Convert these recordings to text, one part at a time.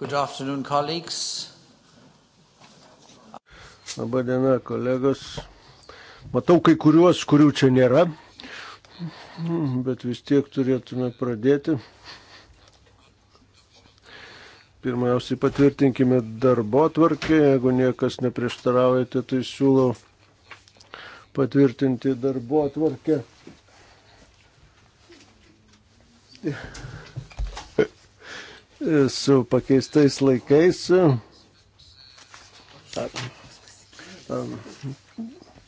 Good afternoon, colleagues. Labadiena, kolegos. Matau kai kuriuos, kurių čia nėra, bet vis tiek turėtume pradėti. Pirmiausiai patvirtinkime darbo tvarkę, jeigu niekas neprieštaraujate, tai siūlau patvirtinti darbo tvarkę. Yeah su pakeistais laikais.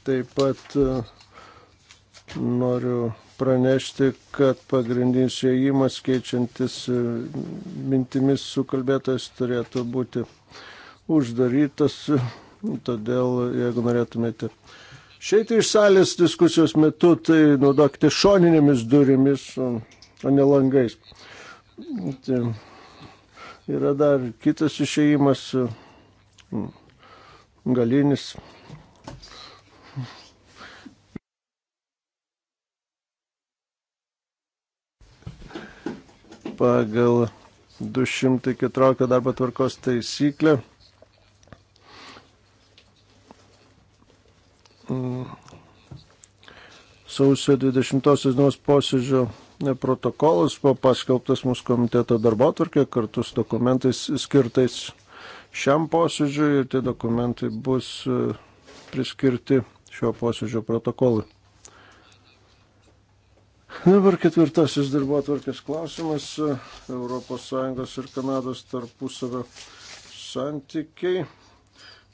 Taip pat e, noriu pranešti, kad pagrindinis įėjimas keičiantis e, mintimis su kalbėtojas turėtų būti uždarytas. Todėl, jeigu norėtumėte išeiti iš salės diskusijos metu, tai naudokite šoninėmis durimis, o ne langais. Tai, yra dar kitas išėjimas, mm, galinis. Pagal 214 darbo tvarkos taisyklę. Mm. Sausio 20 dienos posėdžio protokolas buvo paskelbtas mūsų komiteto darbo atvarkė kartu su dokumentais skirtais šiam posėdžiui ir tie dokumentai bus e, priskirti šio posėdžio protokolui. Dabar ketvirtasis darbo atvarkės klausimas e, - ES ir Kanados tarpusavio santykiai.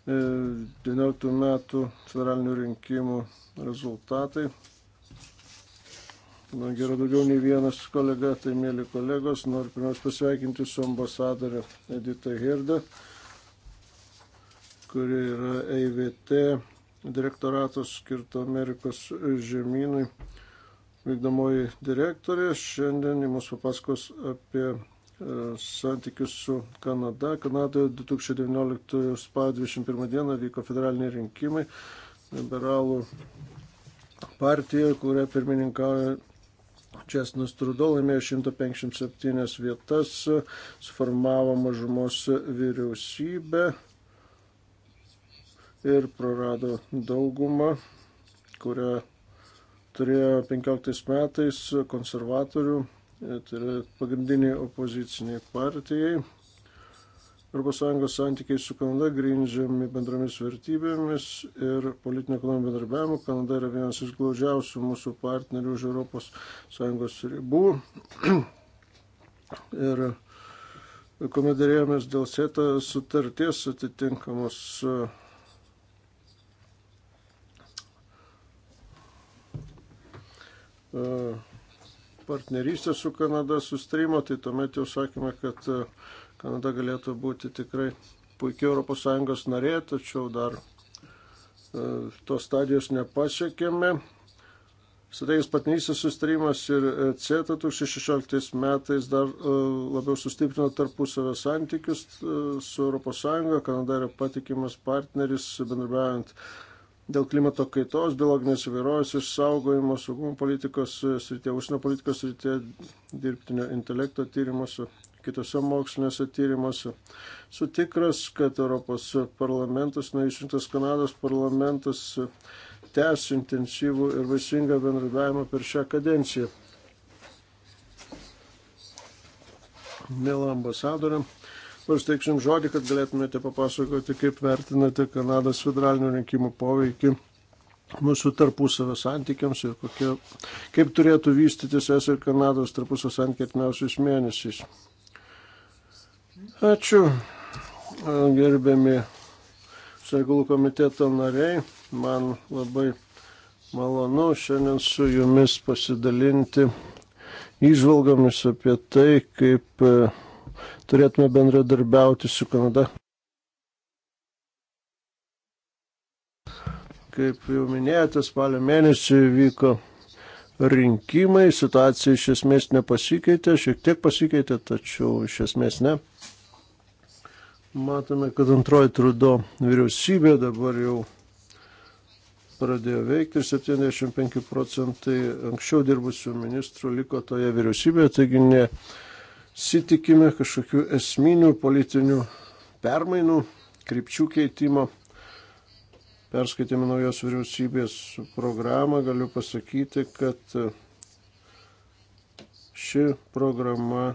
19 e, metų federalinių rinkimų rezultatai Nagi yra daugiau nei vienas kolega, tai mėly kolegos, noriu pirmiausia pasveikinti su ambasadorė Edita Hirda, kuri yra EIVT direktoratos skirto Amerikos žemynui vykdomoji direktorė. Šiandien mums papasakos apie e, santykius su Kanada. Kanadoje 2019 spalio 21 dieną vyko federaliniai rinkimai liberalų partijoje, kuria pirmininkauja Česnas Trudo laimėjo 157 vietas, suformavo mažumos vyriausybę ir prarado daugumą, kurią turėjo 15 metais konservatorių, tai yra pagrindiniai opoziciniai partijai. ES santykiai su Kanada grindžiami bendromis vertybėmis ir politinio ekonominio bendarbiavimo. Kanada yra vienas iš glaudžiausių mūsų partnerių už ES ribų. ir kuomet dėrėjomės dėl sėta sutarties atitinkamos e, partnerystės su Kanada sustrimo, tai tuomet jau sakėme, kad Kanada galėtų būti tikrai puikia ES narė, tačiau dar e, tos stadijos nepasiekėme. Strategijos patnysės sustarimas ir e, CETA 2016 metais dar e, labiau sustiprino tarpusavio santykius su ES. Kanada yra patikimas partneris bendrabiaujant dėl klimato kaitos, biologinės įvairovės išsaugojimo, saugumo politikos srityje, užsienio politikos srityje, dirbtinio intelekto tyrimuose, kitose mokslinėse tyrimuose. Sutikras, kad Europos parlamentas, na, išrinktas Kanados parlamentas tęs intensyvų ir vaisingą bendradavimą per šią kadenciją. Mėla ambasadorė, pasteiksim žodį, kad galėtumėte papasakoti, kaip vertinate Kanados federalinių rinkimų poveikį mūsų tarpusavio santykiams ir kokie, kaip turėtų vystytis es ir Kanados tarpusavio santykiai artimiausiais mėnesiais. Ačiū, gerbiami Segulų komiteto nariai. Man labai malonu šiandien su jumis pasidalinti išvalgomis apie tai, kaip turėtume bendradarbiauti su Kanada. Kaip jau minėjote, spalio mėnesį vyko rinkimai, situacija iš esmės nepasikeitė, šiek tiek pasikeitė, tačiau iš esmės ne. Matome, kad antroji trudo vyriausybė dabar jau pradėjo veikti ir 75 procentai anksčiau dirbusių ministrų liko toje vyriausybėje, taigi nesitikime kažkokių esminių politinių permainų, krypčių keitimo perskaitėme naujos vyriausybės programą, galiu pasakyti, kad e, ši programa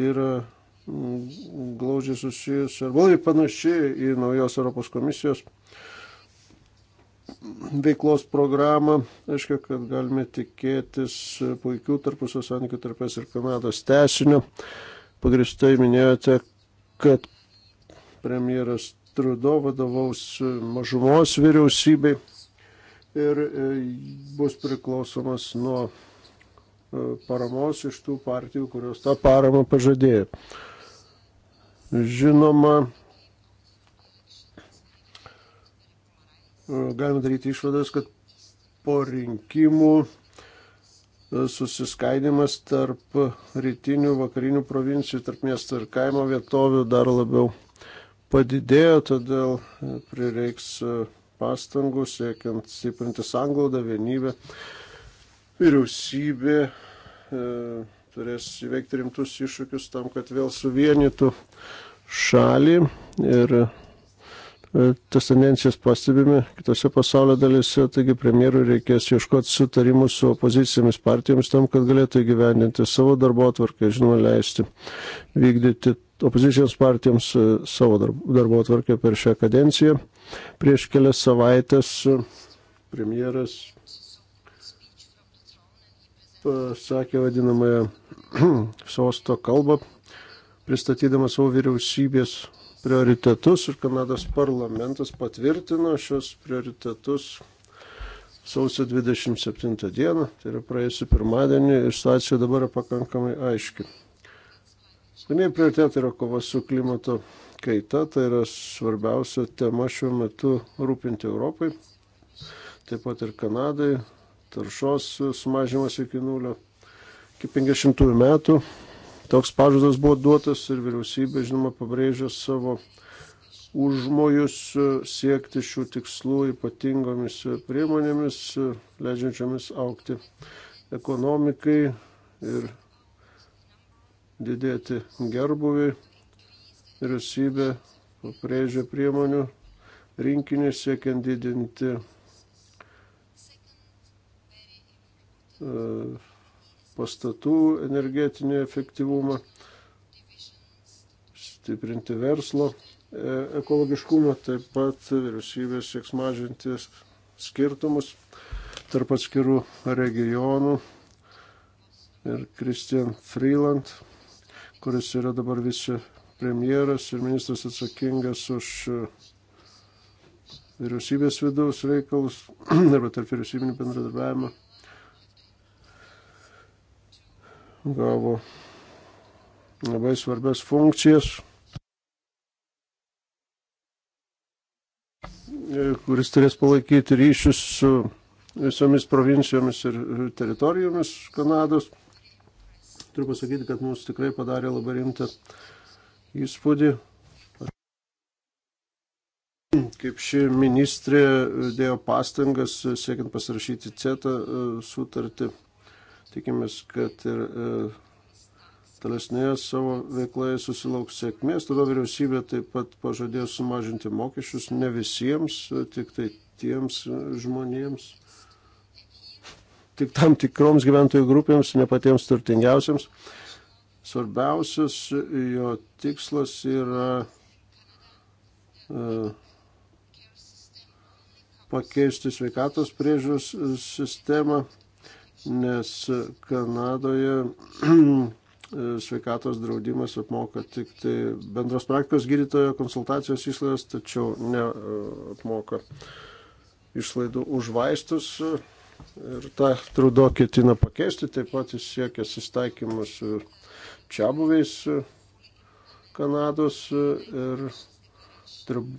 yra glaudžiai susijusi arba labai panaši į naujos Europos komisijos veiklos programą. Aišku, kad galime tikėtis puikių tarpusio santykių tarp es ir Kanados tesinio. Pagristai minėjote, kad premjeras Trudo vadovaus mažumos vyriausybei ir e, bus priklausomas nuo e, paramos iš tų partijų, kurios tą paramą pažadėjo. Žinoma, e, galime daryti išvadas, kad po rinkimų susiskaidimas tarp rytinių, vakarinių provincijų, tarp miesto ir kaimo vietovių dar labiau padidėjo, todėl prireiks e, pastangų siekiant stiprinti sanglaudą, vienybę. Vyriausybė e, turės įveikti rimtus iššūkius tam, kad vėl suvienytų šalį ir e, tas tendencijas pastebime kitose pasaulio dalise, taigi premjerui reikės ieškoti sutarimų su opozicijomis partijomis tam, kad galėtų įgyvendinti savo darbo atvarkę, žinoma, leisti vykdyti opozicijos partijoms e, savo darbo atvarkę per šią kadenciją. Prieš kelias savaitės e, premjeras pasakė vadinamąją sosto kalbą, pristatydamas savo vyriausybės prioritetus ir Kanados parlamentas patvirtino šios prioritetus sausio 27 dieną, tai yra praėjusiu pirmadienį ir situacija dabar yra pakankamai aiški. Pirmieji prioritetai yra kova su klimato kaita, tai yra svarbiausia tema šiuo metu rūpinti Europai, taip pat ir Kanadai, taršos sumažimas iki nulio, iki 50 metų. Toks pažadas buvo duotas ir vyriausybė, žinoma, pabrėžė savo užmojus siekti šių tikslų ypatingomis priemonėmis, leidžiančiomis aukti ekonomikai ir didėti gerbuviui. Vyriausybė paprėžė priemonių rinkinį siekiant didinti e, pastatų energetinį efektyvumą, stiprinti verslo e, ekologiškumą, taip pat vyriausybė sieks mažinti skirtumus tarp atskirų regionų. Ir Christian Freeland kuris yra dabar visi premjeras ir ministras atsakingas už e, vyriausybės vidaus reikalus arba tarp vyriausybinį bendradarbiavimą, gavo labai svarbias funkcijas. E, kuris turės palaikyti ryšius su visomis provincijomis ir e, teritorijomis Kanados turiu pasakyti, kad mums tikrai padarė labai rimtą įspūdį, kaip ši ministrė dėjo pastangas e, siekiant pasirašyti CETA e, sutartį. Tikimės, kad ir e, tolesnėje savo veikloje susilauks sėkmės. Tada vyriausybė taip pat pažadėjo sumažinti mokesčius ne visiems, tik tai tiems žmonėms, tik tam tikroms gyventojų grupėms, ne patiems turtingiausiams. Svarbiausias jo tikslas yra e, pakeisti sveikatos priežiūros sistemą, nes Kanadoje e, sveikatos draudimas apmoka tik tai bendros praktikos gydytojo konsultacijos išlaidas, tačiau neapmoka e, išlaidų už vaistus ir tą trudo ketina pakeisti, taip pat jis siekia sustaikymą su čia buviais Kanados ir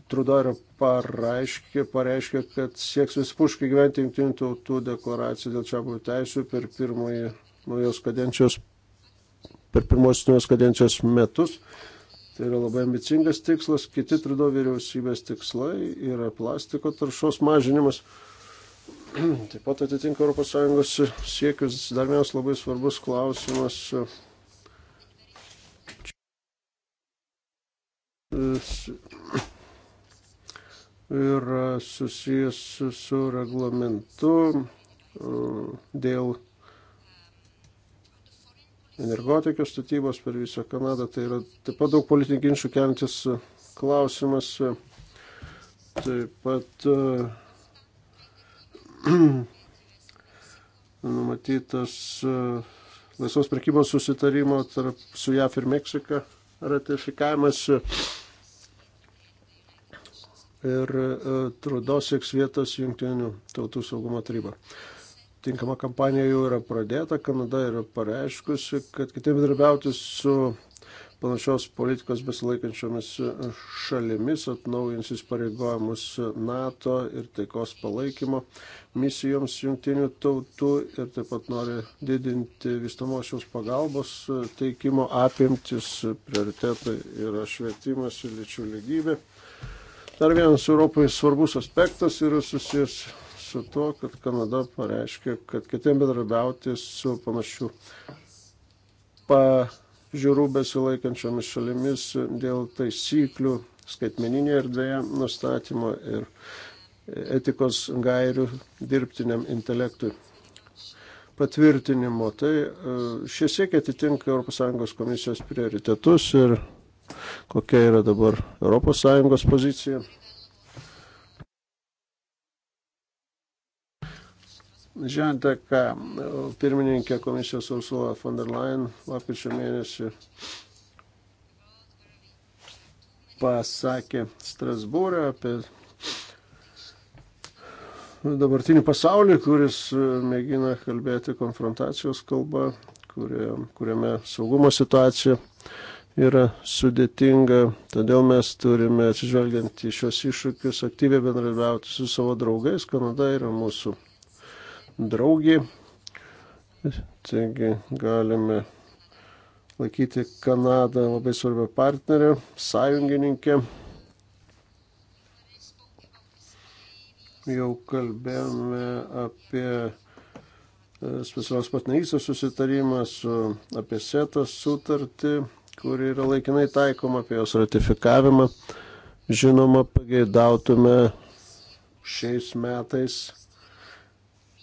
trudo yra pareiškė, pareiškė, kad sieks vispuškai gyventi jungtinių tautų deklaraciją dėl čia buvių teisų per pirmąjį naujos kadencijos, per pirmosios naujos kadencijos metus. Tai yra labai ambicingas tikslas, kiti trudo vyriausybės tikslai yra plastiko taršos mažinimas. taip pat atitinka ES siekius. Dar vienas labai svarbus klausimas. Ir e, susijęs su reglamentu e, dėl energetikos statybos per visą Kanadą. Tai yra taip pat daug politinių ginčių keliantis klausimas. Taip pat uh, numatytas e, laisvos prekybos susitarimo tarp su JAF ir Meksika ratifikavimas. Ir e, trudo sieks vietos Junktinių tautų saugumo taryba. Tinkama kampanija jau yra pradėta, Kanada yra pareiškusi, kad kitaip darbiauti su panašios politikos besilaikančiomis šalimis atnaujins įsipareigojimus NATO ir taikos palaikymo misijoms jungtinių tautų ir taip pat nori didinti vystamosios pagalbos teikimo apimtis, prioritetai yra švietimas ir lyčių lygybė. Dar vienas Europai svarbus aspektas yra susijęs su to, kad Kanada pareiškia, kad kitiem bedrabiauti su panašių pa žiūrų besilaikančiomis šalimis dėl taisyklių skaitmeninėje erdvėje nustatymo ir etikos gairių dirbtiniam intelektui patvirtinimo. Tai e, šie siekiai atitinka ES komisijos prioritetus ir kokia yra dabar ES pozicija. Žinote, ką pirmininkė komisijos Ursula von der Leyen lapkričio mėnesį pasakė Strasbūrą apie dabartinį pasaulį, kuris mėgina kalbėti konfrontacijos kalba, kurie, kuriame saugumo situacija yra sudėtinga. Todėl mes turime, atsižvelgiant į šios iššūkius, aktyviai bendradarbiauti su savo draugais. Kanada yra mūsų draugė. Taigi galime laikyti Kanadą labai svarbią partnerę, sąjungininkę. Jau kalbėjome apie e, specialios partnerystės susitarimą, su, apie setos sutartį, kuri yra laikinai taikoma, apie jos ratifikavimą. Žinoma, pageidautume šiais metais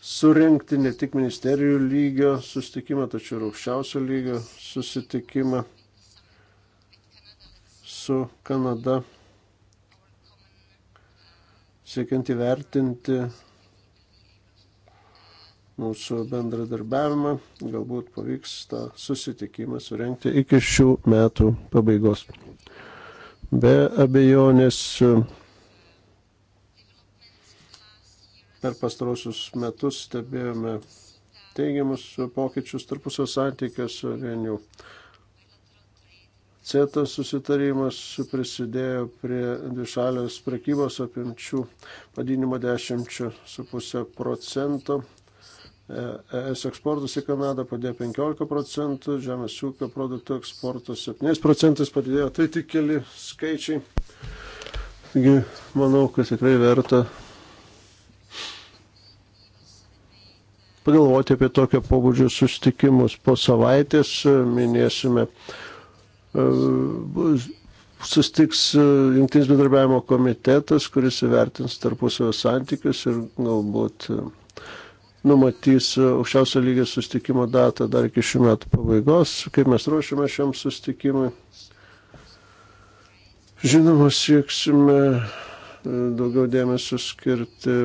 surenkti ne tik ministerijų lygio susitikimą, tačiau ir aukščiausio lygio susitikimą su Kanada, siekiant įvertinti mūsų bendradarbiavimą. Galbūt pavyks tą susitikimą surenkti iki šių metų pabaigos. Be abejonės Per pastarosius metus stebėjome teigiamus pokyčius tarpusio santykiuose, vien jau CETA susitarimas prisidėjo prie dvišalės prekybos apimčių padinimo 10,5 procento. E, ES eksportas į Kanadą padėjo 15 procentų, žemės ūkio produktų eksportas 7 procentais padidėjo. Tai tik keli skaičiai. Taigi, manau, kad tikrai verta pagalvoti apie tokio pobūdžio sustikimus. Po savaitės e, minėsime, e, sustiks e, Junktinis bedarbiavimo komitetas, kuris įvertins tarpusavio santykius ir galbūt numatys aukščiausio lygio sustikimo datą dar iki šių metų pabaigos, kaip mes ruošiame šiam sustikimui. Žinoma, sieksime daugiau dėmesio skirti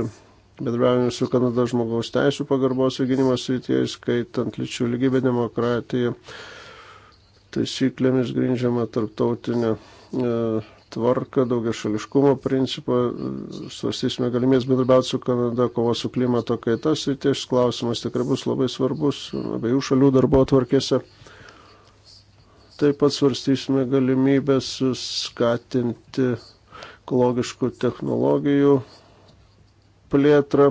Bendravime su Kanada žmogaus teisų pagarbos ir gynybos srityje, skaitant lyčių lygybę, demokratiją, taisyklėmis grindžiama tarptautinė e, tvarka, daugiašališkumo principą, svarstysime galimės bendrabiauti su Kanada, kovos su klimato kaita srityje, šis klausimas tikrai bus labai svarbus abiejų šalių darbo tvarkėse. Taip pat svarstysime galimybę skatinti ekologiškų technologijų plėtrą.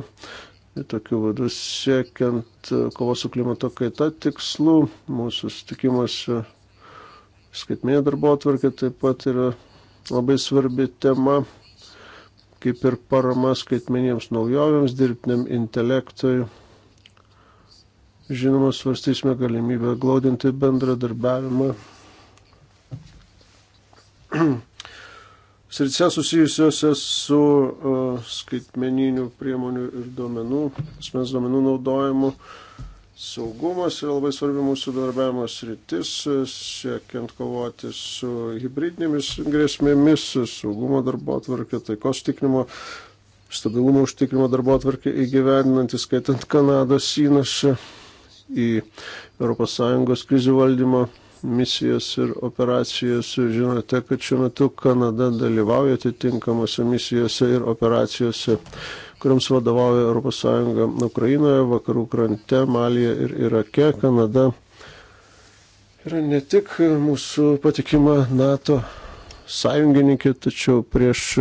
Ir tokiu vadu siekiant kovos su klimato kaita tikslų mūsų sutikimas skaitmėje darbo atvarkė taip pat yra labai svarbi tema, kaip ir parama skaitmenėms naujovėms, dirbtiniam intelektui. Žinoma, svarstysime galimybę glaudinti bendradarbiavimą srityse susijusiuose su uh, skaitmeninių priemonių ir duomenų, asmens duomenų naudojimu. Saugumas yra labai svarbi mūsų darbiavimo sritis, siekiant kovoti su hybridinėmis grėsmėmis, saugumo darbo atvarkė, taikos tikrinimo, stabilumo užtikrimo darbo atvarkė įgyvendinant, įskaitant Kanadą, Synašą į ES krizių valdymo misijas ir operacijas. Žinote, kad šiuo metu Kanada dalyvauja atitinkamose misijose ir operacijose, kuriams vadovauja ES Ukrainoje, Vakarų krante, Malija ir Irake. Kanada yra ne tik mūsų patikima NATO sąjungininkė, tačiau prieš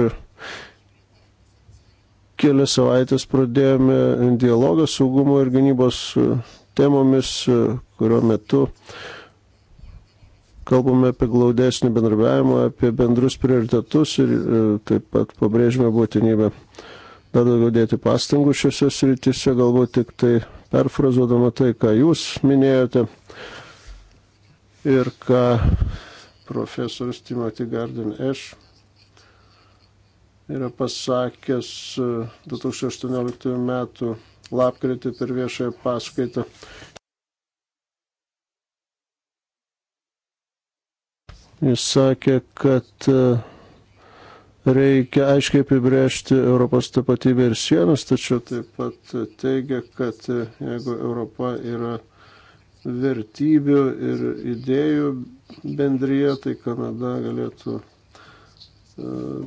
kelias savaitės pradėjome dialogą saugumo ir gynybos temomis, kurio metu kalbame apie glaudesnį bendrabiavimą, apie bendrus prioritetus ir e, taip pat pabrėžime būtinybę dar daugiau dėti pastangų šiuose srityse, galbūt tik tai perfrazuodama tai, ką jūs minėjote ir ką profesorius Timothy Garden Eš yra pasakęs 2018 e, metų lapkritį per viešąją paskaitą Jis sakė, kad e, reikia aiškiai apibrėžti Europos tapatybę ir sienas, tačiau taip pat teigia, kad e, jeigu Europa yra vertybių ir idėjų bendryje, tai Kanada galėtų e,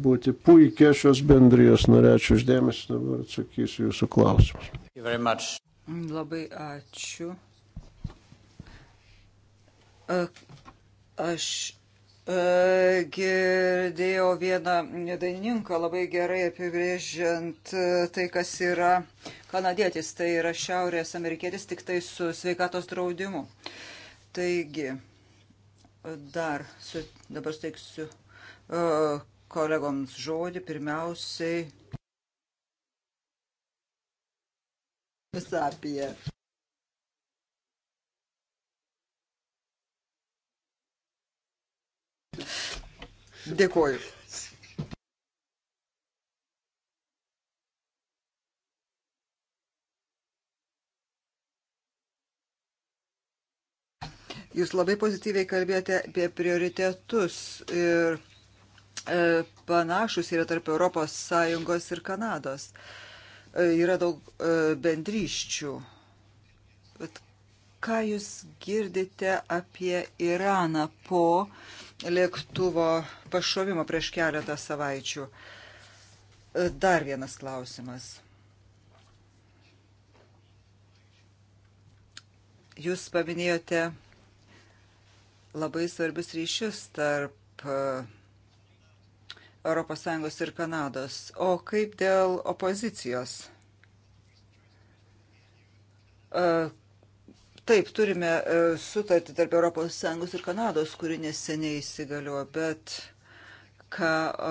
būti puikia šios bendrijos. Norėčiau uždėmesi, dabar atsakysiu jūsų klausimus. Labai ačiū. Aš E, girdėjau vieną dainininką labai gerai apibrėžiant e, tai, kas yra kanadietis, tai yra šiaurės amerikietis tik tai su sveikatos draudimu. Taigi, dar su, dabar steiksiu e, kolegoms žodį, pirmiausiai. Visapie. Dėkuoju. Jūs labai pozityviai kalbėjote apie prioritetus ir e, panašus yra tarp ES ir Kanados. E, yra daug e, bendryščių. Bet ką jūs girdite apie Iraną po e, lėktuvo pašovimo prieš keletą savaičių. E, dar vienas klausimas. Jūs paminėjote labai svarbius ryšius tarp ES ir Kanados. O kaip dėl opozicijos? E, Taip, turime e, sutartį tarp ES ir Kanados, kuri neseniai įsigaliojo, bet ką e,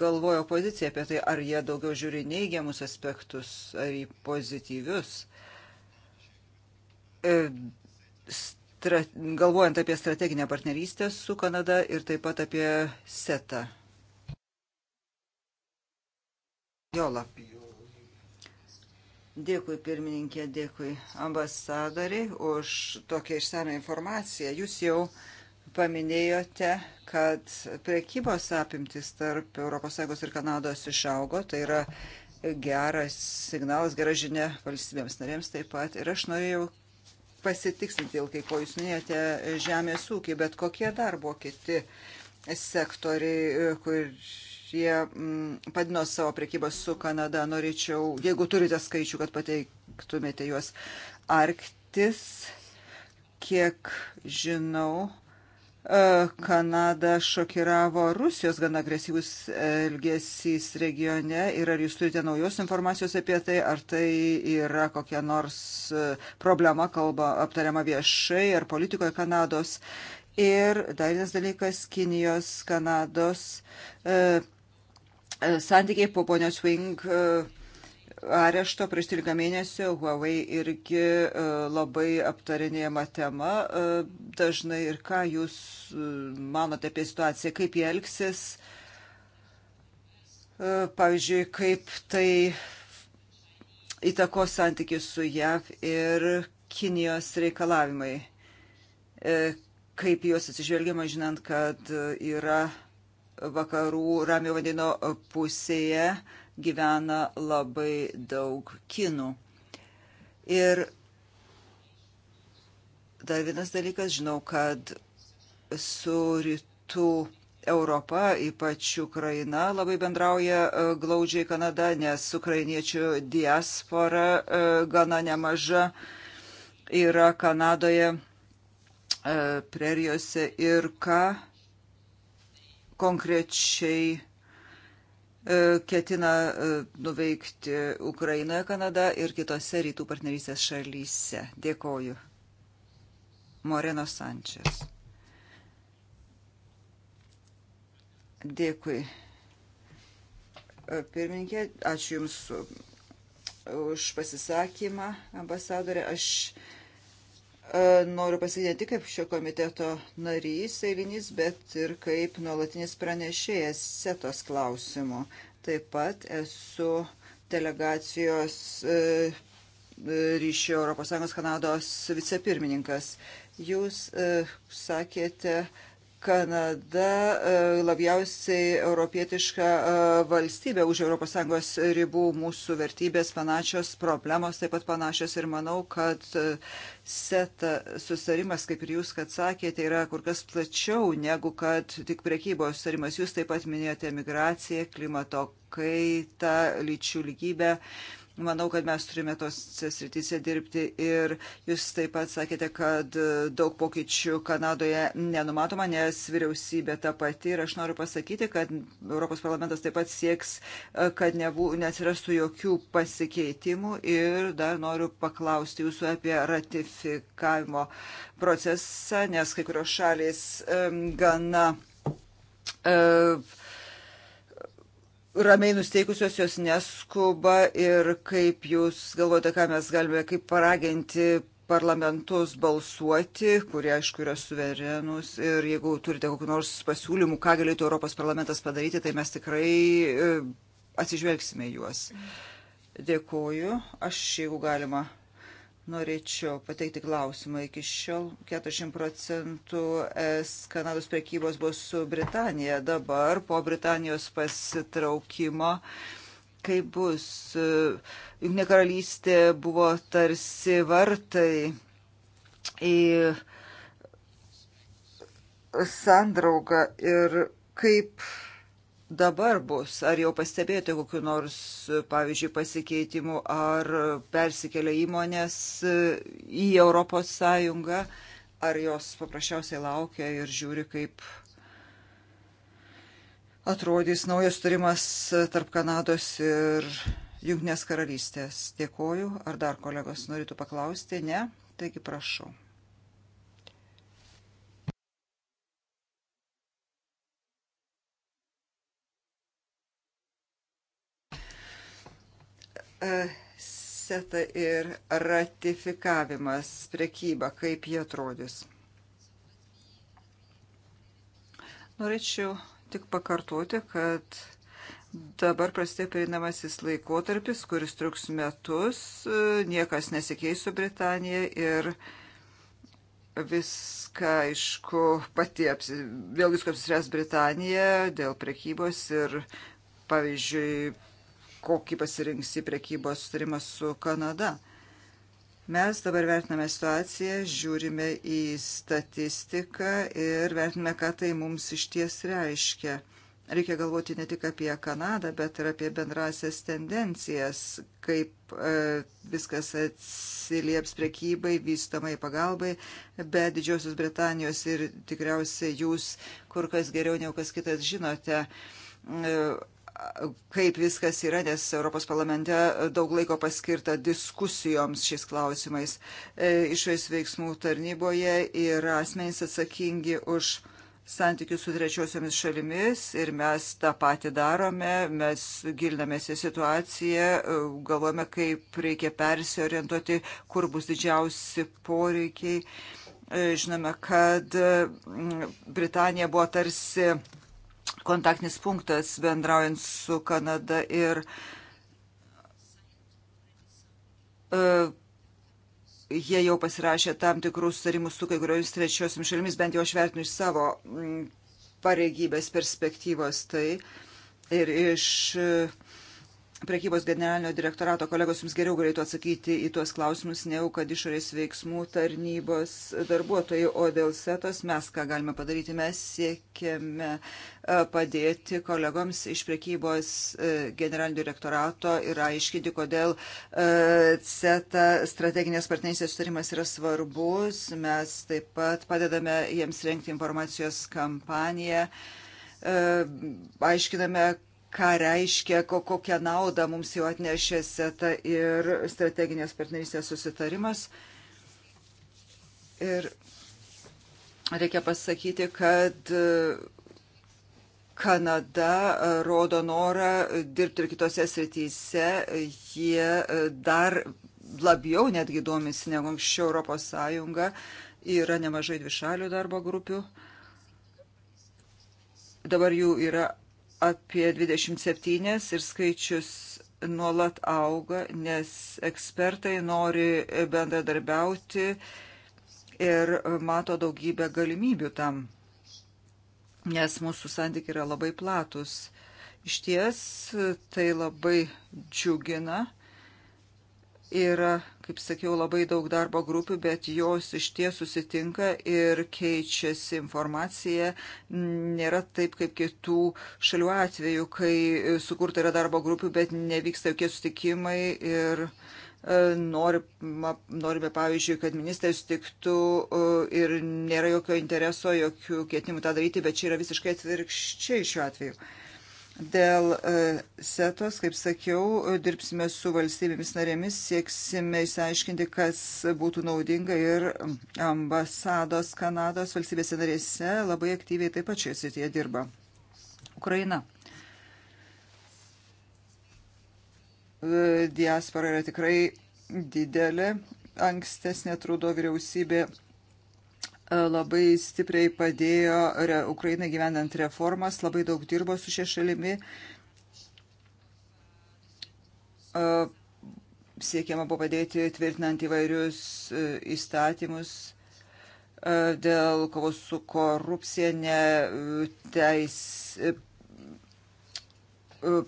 galvoja opozicija apie tai, ar jie daugiau žiūri neigiamus aspektus ar į pozityvius. E, stra, galvojant apie strateginę partnerystę su Kanada ir taip pat apie SETA. Jolapijų. Dėkui pirmininkė, dėkui ambasadoriai už tokią išsame informaciją. Jūs jau paminėjote, kad prekybos apimtis tarp ES ir Kanados išaugo, tai yra geras signalas, gera žinia valstybėms narėms taip pat. Ir aš norėjau pasitikslinti dėl kai ko jūs minėjote žemės ūkį, bet kokie dar buvo kiti sektoriai, kur Rusija mm, padino savo priekybą su Kanada. Norėčiau, jeigu turite skaičių, kad pateiktumėte juos. Arktis, kiek žinau, e, Kanada šokiravo Rusijos gan agresyvus elgesys regione ir ar jūs turite naujos informacijos apie tai, ar tai yra kokia nors e, problema, kalba aptariama viešai ar politikoje Kanados. Ir dar vienas dalykas - Kinijos, Kanados e, santykiai po ponios Wing e, arešto prieš 13 mėnesių Huawei irgi e, labai aptarinėjama tema e, dažnai ir ką jūs manote apie situaciją, kaip jie elgsis, pavyzdžiui, kaip tai įtakos santykius su JAV ir Kinijos reikalavimai, kaip juos atsižvelgiama žinant, kad yra vakarų Ramio vandenino pusėje gyvena labai daug kinų. Ir dar vienas dalykas, žinau, kad su rytų Europa, ypač Ukraina, labai bendrauja e, glaudžiai Kanada, nes ukrainiečių diaspora e, gana nemaža yra Kanadoje, e, prerijose ir ką konkrečiai e, ketina e, nuveikti Ukrainoje, Kanada ir kitose rytų partnerystės šalyse. Dėkoju. Moreno Sančias. Dėkui. E, pirmininkė, ačiū Jums už pasisakymą, ambasadorė. Aš E, noriu pasakyti ne tik kaip šio komiteto narys eilinis, bet ir kaip nuolatinis pranešėjas setos klausimų. Taip pat esu delegacijos e, e, ryšio ES Kanados vicepirmininkas. Jūs sakėte, Kanada e, labiausiai europietiška e, valstybė už ES ribų, mūsų vertybės panašios, problemos taip pat panašios ir manau, kad e, SETA susitarimas, kaip ir jūs, kad sakėte, yra kur kas plačiau negu kad tik priekybos susitarimas. Jūs taip pat minėjote migraciją, klimato kaitą, lyčių lygybę. Uh, Manau, kad mes turime tose srityse dirbti ir jūs taip pat sakėte, kad daug pokyčių Kanadoje nenumatoma, nes vyriausybė ta pati ir aš noriu pasakyti, kad Europos parlamentas taip pat sieks, kad nebū, nesirastų jokių pasikeitimų ir dar noriu paklausti jūsų apie ratifikavimo procesą, nes kai kurios šalys um, gana. Uh, ramiai nusteikusios jos neskuba ir kaip jūs galvojate, ką mes galime, kaip paraginti parlamentus balsuoti, kurie aišku yra suverenus ir jeigu turite kokiu nors pasiūlymu, ką galėtų Europos parlamentas padaryti, tai mes tikrai e, atsižvelgsime juos. Dėkuoju. Aš, jeigu galima, norėčiau pateikti klausimą. Iki šiol 40 procentų es Kanados prekybos buvo su Britanija. Dabar po Britanijos pasitraukimo, kai bus, e, Junknė karalystė buvo tarsi vartai į sandraugą ir kaip dabar bus? Ar jau pastebėjote kokiu nors, pavyzdžiui, pasikeitimu, ar persikelia įmonės e, į Europos Sąjungą, ar jos paprasčiausiai laukia ir žiūri, kaip atrodys naujas turimas tarp Kanados ir Junknės karalystės. Dėkoju. Ar dar kolegos norėtų paklausti? Ne? Taigi prašau. setą ir ratifikavimas, prekyba, kaip jie atrodys. Norėčiau tik pakartoti, kad Dabar prasidė perinamasis laikotarpis, kuris truks metus, niekas nesikeis su Britanija ir viską, aišku, pati, apsi, vėl viską apsispręs Britanija dėl prekybos ir, pavyzdžiui, kokį pasirinksi prekybos sutarimą su Kanada. Mes dabar vertiname situaciją, žiūrime į statistiką ir vertiname, ką tai mums iš ties reiškia. Reikia galvoti ne tik apie Kanadą, bet ir apie bendrasias tendencijas, kaip e, viskas atsilieps prekybai, vystamai pagalbai, bet Didžiosios Britanijos ir tikriausiai jūs kur kas geriau negu kas kitas žinote. E, kaip viskas yra, nes Europos parlamente daug laiko paskirta diskusijoms šiais klausimais. E, Išvės veiksmų tarnyboje yra asmenys atsakingi už santykius su trečiosiomis šalimis ir mes tą patį darome, mes gilinamės į situaciją, e, galvojame, kaip reikia persiorientuoti, kur bus didžiausi poreikiai. E, žinome, kad Britanija buvo tarsi kontaktinis punktas bendraujant su Kanada ir uh, jie jau pasirašė tam tikrus sutarimus su kai kuriomis trečiosiomis šalimis, bent jau aš vertinu iš savo mm, pareigybės perspektyvos tai ir iš uh, Prekybos generalinio direktorato kolegos jums geriau galėtų atsakyti į tuos klausimus, negu kad išorės veiksmų tarnybos darbuotojai. O dėl setos mes ką galime padaryti? Mes siekiame e, padėti kolegoms iš prekybos e, generalinio direktorato ir aiškinti, kodėl e, seta strateginės partnerystės sutarimas yra svarbus. Mes taip pat padedame jiems renkti informacijos kampaniją aiškiname, ką reiškia, ko, kokią naudą mums jau atnešė SETA ir strateginės partnerystės susitarimas. Ir reikia pasakyti, kad e, Kanada e, rodo norą dirbti ir kitose srityse. Jie e, dar labiau netgi domisi negu anksčiau Europos Sąjunga. Yra nemažai dvišalių darbo grupių. Dabar jų yra apie 27 ir skaičius nuolat auga, nes ekspertai nori bendradarbiauti ir mato daugybę galimybių tam, nes mūsų santykiai yra labai platus. Iš ties tai labai džiugina. Yra kaip sakiau, labai daug darbo grupių, bet jos iš ties susitinka ir keičiasi informacija. Nėra taip kaip kitų šalių atveju, kai sukurta yra darbo grupių, bet nevyksta jokie susitikimai ir e, norima, norime, pavyzdžiui, kad ministrai sutiktų e, ir nėra jokio intereso, jokių ketinimų tą daryti, bet čia yra visiškai atvirkščiai šiuo atveju. Dėl e, setos, kaip sakiau, dirbsime su valstybėmis narėmis, sieksime įsiaiškinti, kas būtų naudinga ir ambasados Kanados valstybėse narėse labai aktyviai taip pat šioje srityje dirba. Ukraina. E, diaspora yra tikrai didelė. Ankstesnė trūdo vyriausybė labai stipriai padėjo Ukrainai gyvenant reformas, labai daug dirbo su šia šalimi. Siekiama buvo padėti tvirtinant įvairius e, įstatymus dėl kovos su korupcija, neteis e, e,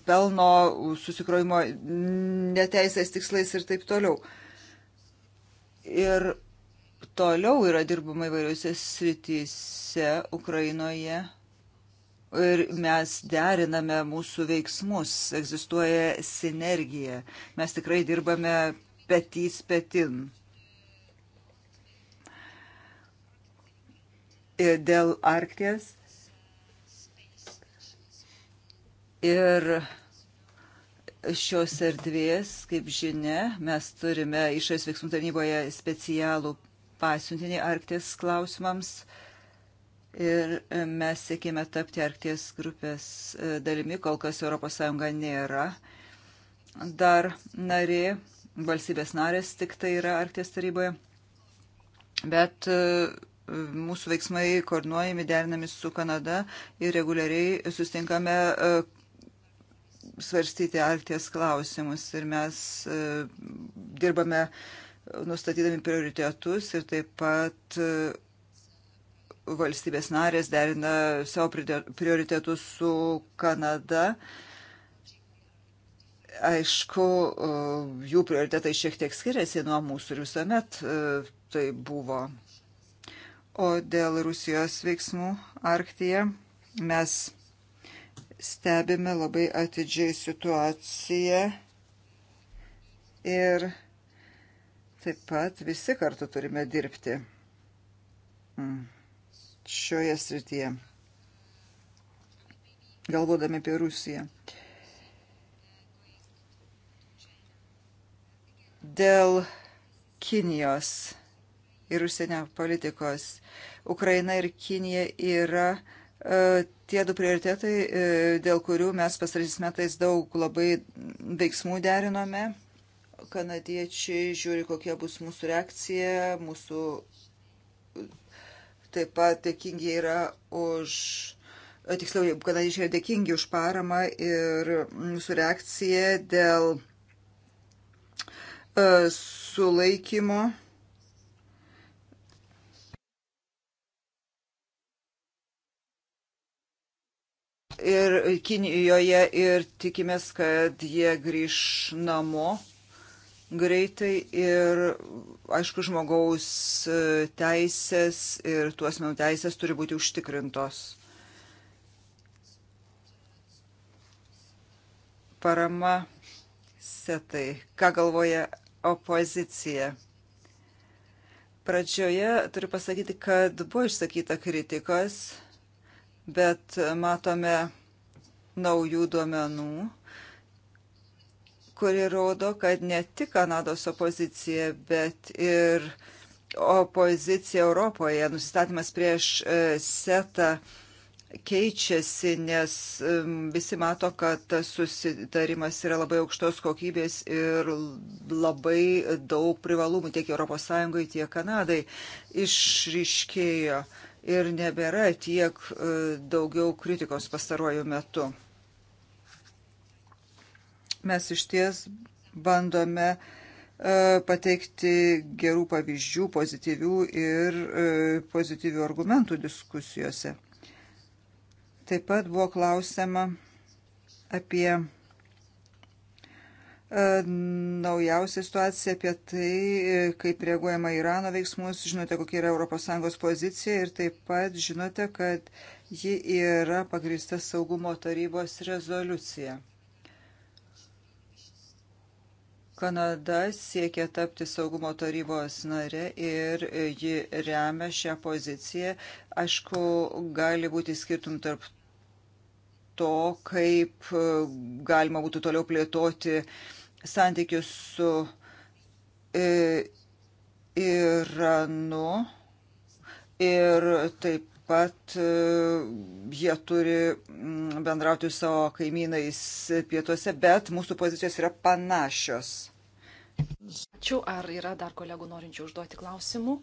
pelno susikrojimo neteisės tikslais ir taip toliau. Ir toliau yra dirbama įvairiuose srityse Ukrainoje ir mes deriname mūsų veiksmus, egzistuoja sinergija. Mes tikrai dirbame petys petin. Ir dėl Arkties ir šios erdvės, kaip žinia, mes turime išorės veiksmų tarnyboje specialų pasiuntiniai Arktis klausimams ir e, mes siekėme tapti Arkties grupės e, dalimi, kol kas ES nėra. Dar narė, valstybės narės tik tai yra Arkties taryboje, bet e, mūsų veiksmai koordinuojami, derinami su Kanada ir reguliariai sustinkame svarstyti Arkties klausimus ir mes dirbame nustatydami prioritetus ir taip pat e, valstybės narės derina savo prioritetus su Kanada. Aišku, e, jų prioritetai šiek tiek skiriasi nuo mūsų ir visuomet e, tai buvo. O dėl Rusijos veiksmų Arktyje mes stebime labai atidžiai situaciją ir Taip pat visi kartu turime dirbti mm, šioje srityje, galvodami apie Rusiją. Dėl Kinijos ir užsienio politikos Ukraina ir Kinija yra e, tie du prioritetai, e, dėl kurių mes pasarysime tais daug labai veiksmų derinome kanadiečiai žiūri, kokia bus mūsų reakcija, mūsų taip pat dėkingi yra už, tiksliau, kanadiečiai yra dėkingi už paramą ir mūsų reakcija dėl e, sulaikymo. ir Kinijoje ir tikimės, kad jie grįž namo greitai ir, aišku, žmogaus e, teisės ir tuos menų teisės turi būti užtikrintos. Parama setai. Ką galvoja opozicija? Pradžioje turiu pasakyti, kad buvo išsakyta kritikos, bet matome naujų duomenų kuri rodo, kad ne tik Kanados opozicija, bet ir opozicija Europoje, nusistatymas prieš e, setą keičiasi, nes visi mato, kad tas susitarimas yra labai aukštos kokybės ir labai daug privalumų tiek ES, tiek Kanadai išryškėjo ir nebėra tiek e, daugiau kritikos pastaruoju metu. Mes iš ties bandome e, pateikti gerų pavyzdžių, pozityvių ir e, pozityvių argumentų diskusijose. Taip pat buvo klausima apie e, naujausią situaciją, apie tai, kaip reaguojama Irano veiksmus, žinote, kokia yra ES pozicija ir taip pat žinote, kad ji yra pagrįsta saugumo tarybos rezoliucija. Kanada siekia tapti saugumo tarybos nare ir ji remia šią poziciją. Aišku, gali būti skirtum tarp to, kaip e, galima būtų toliau plėtoti santykius su e, Iranu ir taip pat e, jie turi mm, bendrauti su savo kaimynais pietuose, bet mūsų pozicijos yra panašios. Ačiū, ar yra dar kolegų norinčių užduoti klausimų?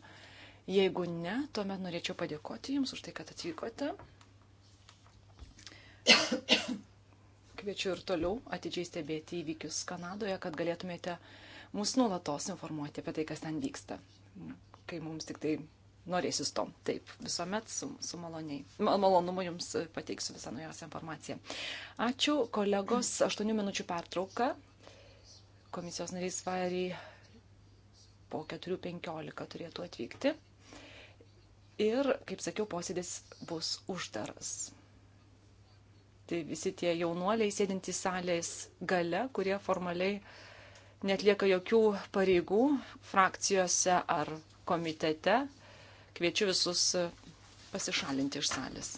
Jeigu ne, tuomet norėčiau padėkoti Jums už tai, kad atvykote. Kviečiu ir toliau atidžiai stebėti įvykius Kanadoje, kad galėtumėte mus nuolatos informuoti apie tai, kas ten vyksta, kai mums tik tai norėsis tom. Taip, visuomet su, su maloniai. malonumu jums pateiksiu visą naujausią informaciją. Ačiū, kolegos, 8 minučių pertrauka komisijos narys Vairiai po 4.15 turėtų atvykti. Ir, kaip sakiau, posėdis bus uždaras. Tai visi tie jaunuoliai sėdintys salės gale, kurie formaliai netlieka jokių pareigų frakcijose ar komitete, kviečiu visus pasišalinti iš salės.